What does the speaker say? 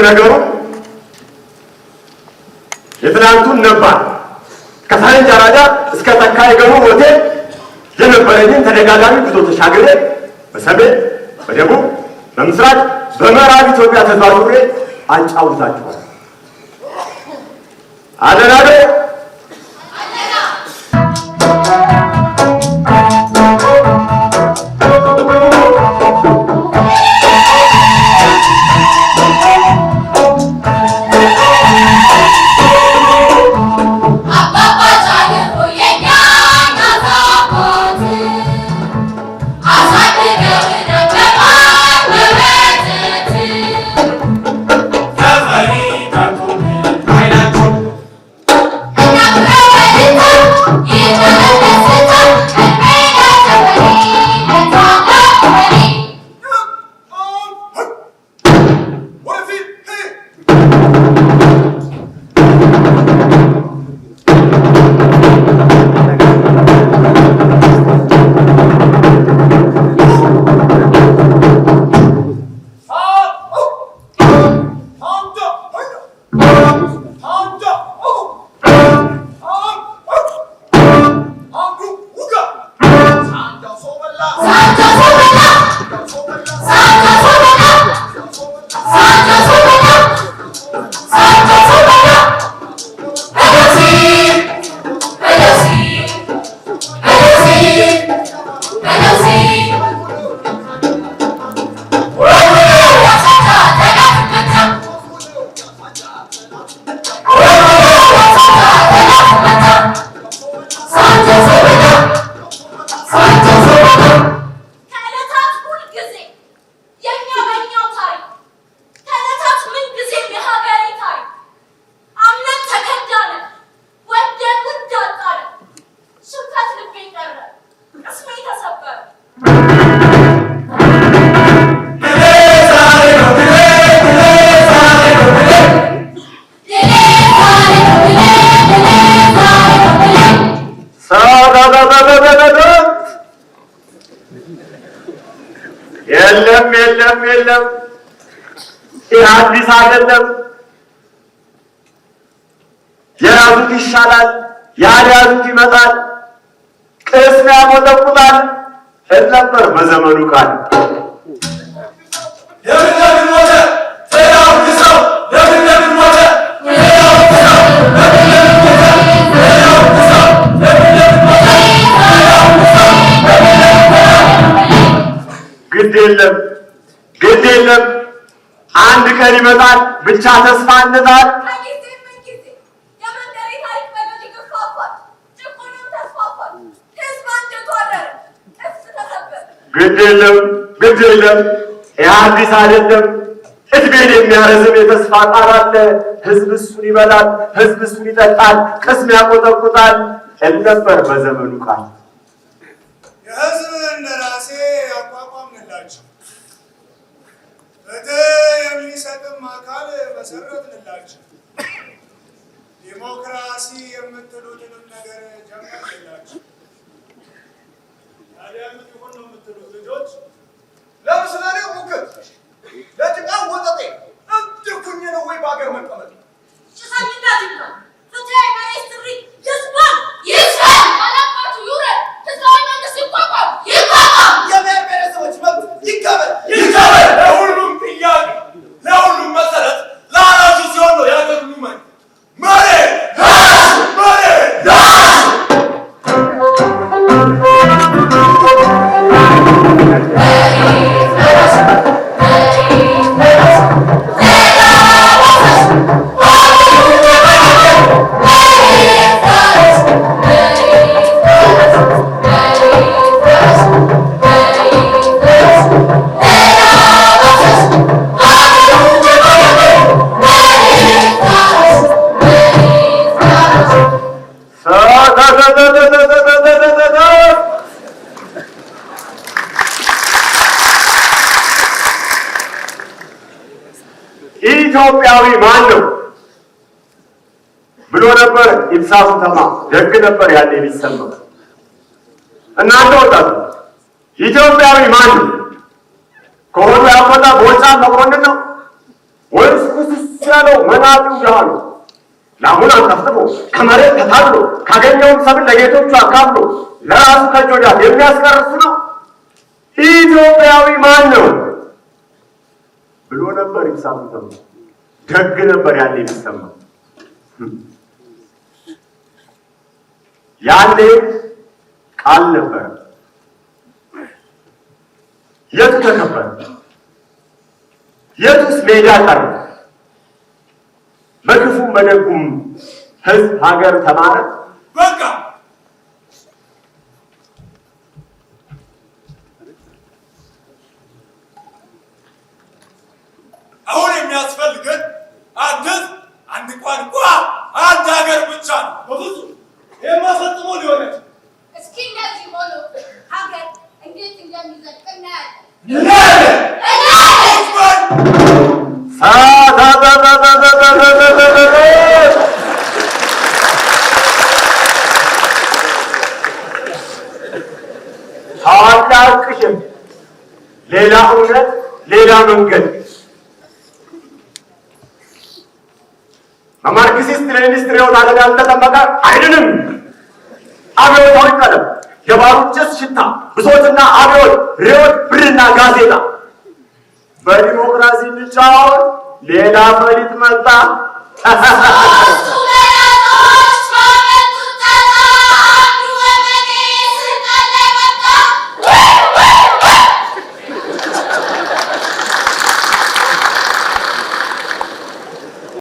ቁም ነገሩ የትናንቱን ነባር ከሳይን ጃራጃ እስከ ተካ የገቡ ሆቴል የነበረኝን ተደጋጋሚ ጉዞ ተሻግሬ በሰሜን፣ በደቡብ፣ በምስራቅ፣ በምዕራብ ኢትዮጵያ ተዛዙሬ አጫውታችኋል። አደራቤ ከዕለታት ሁል ጊዜ የሚያገኘው ታሪክ ከዕለታት ምን ጊዜ የሀገሬ ታሪክ አምነት ተከዳነ ወደ ጉድ አጣነ ሽንፈት ልቤ ቀረ ቅስሜ ተሰበረ። የለም የለም የለም፣ አዲስ አይደለም፣ የያዙት ይሻላል፣ ያልያዙት ይመጣል፣ ቅስም ያሞጠቁጣል ነበር በዘመኑ ቃል የለም ግድ የለም። አንድ ቀን ይመጣል ብቻ ተስፋ እንጣል። ግድ የለም ግድ የለም። ይህ አዲስ አይደለም። እድሜን የሚያረዝም የተስፋ ቃል አለ። ህዝብ እሱን ይበላል፣ ህዝብ እሱን ይጠጣል፣ ቅስም ያቆጠቁጣል። እልነበር በዘመኑ ቃል ናቸው። ፍትህ የሚሰጥም አካል መሰረትንላችሁ። ዲሞክራሲ የምትሉትንም ነገር ጀመርንላችሁ። ታዲያ ምን ይሁን ነው የምትሉት ልጆች? ለምስላሌ ሙግት ለጭቃ ወጠጤ እንድኩኝ ነው ወይ በሀገር መቀመጥ ማን ነው ብሎ ነበር ኢብሳሱ ተማ ደግ ነበር ያለ የሚሰማ እናንተ ወጣቱ ኢትዮጵያዊ ማን ነው ከሆዱ ያፈላ ቦጫ መቆን ነው ወይስ ኩስስ ያለው መናጢው ያሉ ላሙን አንጠፍጥፎ ከመሬት ተታሎ ካገኘውን ሰብል ለጌቶቹ አካፍሎ ለራሱ ከጆዳ የሚያስቀርሱ ነው ኢትዮጵያዊ ማን ነው ብሎ ነበር ኢብሳሱ ተማ ደግ ነበር ያኔ የሚሰማ ያኔ ቃል ነበር። የቱ ተከበር? የቱስ ሜዳ ቀረ? በክፉም በደጉም ህዝብ ሀገር ተማረ። በቃ አናውቅሽም ሌላ እውነት ሌላ መንገድ በማርክሲስት ለኢንዱስትሪ አደጋ አልተጠመቀ አይድንም። አብዮታዊ ቀለም የባሩድ ጭስ ሽታ፣ ብሶትና አብዮት፣ ርዮት፣ ብርና ጋዜጣ። በዲሞክራሲ ምርጫውን ሌላ ፈሊጥ መጣ።